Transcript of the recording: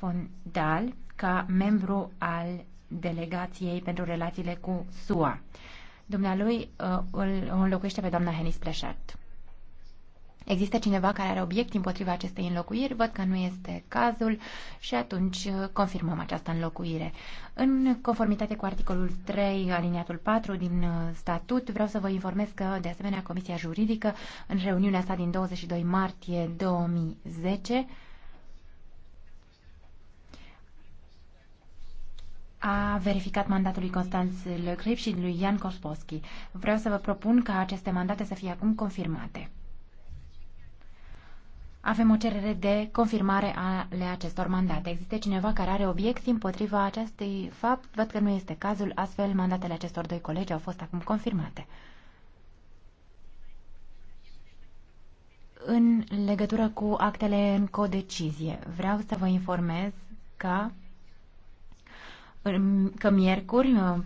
von Dahl ca membru al delegației pentru relațiile cu SUA. Dumnealui uh, îl înlocuiește pe doamna Henis Pleșat. Există cineva care are obiect împotriva acestei înlocuiri? Văd că nu este cazul și atunci uh, confirmăm această înlocuire. În conformitate cu articolul 3, aliniatul 4 din uh, statut, vreau să vă informez că, de asemenea, Comisia Juridică, în reuniunea sa din 22 martie 2010, a verificat mandatul lui Constanț Le și lui Ian Kosposki. Vreau să vă propun ca aceste mandate să fie acum confirmate. Avem o cerere de confirmare ale acestor mandate. Există cineva care are obiecții împotriva acestui fapt? Văd că nu este cazul, astfel mandatele acestor doi colegi au fost acum confirmate. În legătură cu actele în codecizie, vreau să vă informez că că miercuri, uh,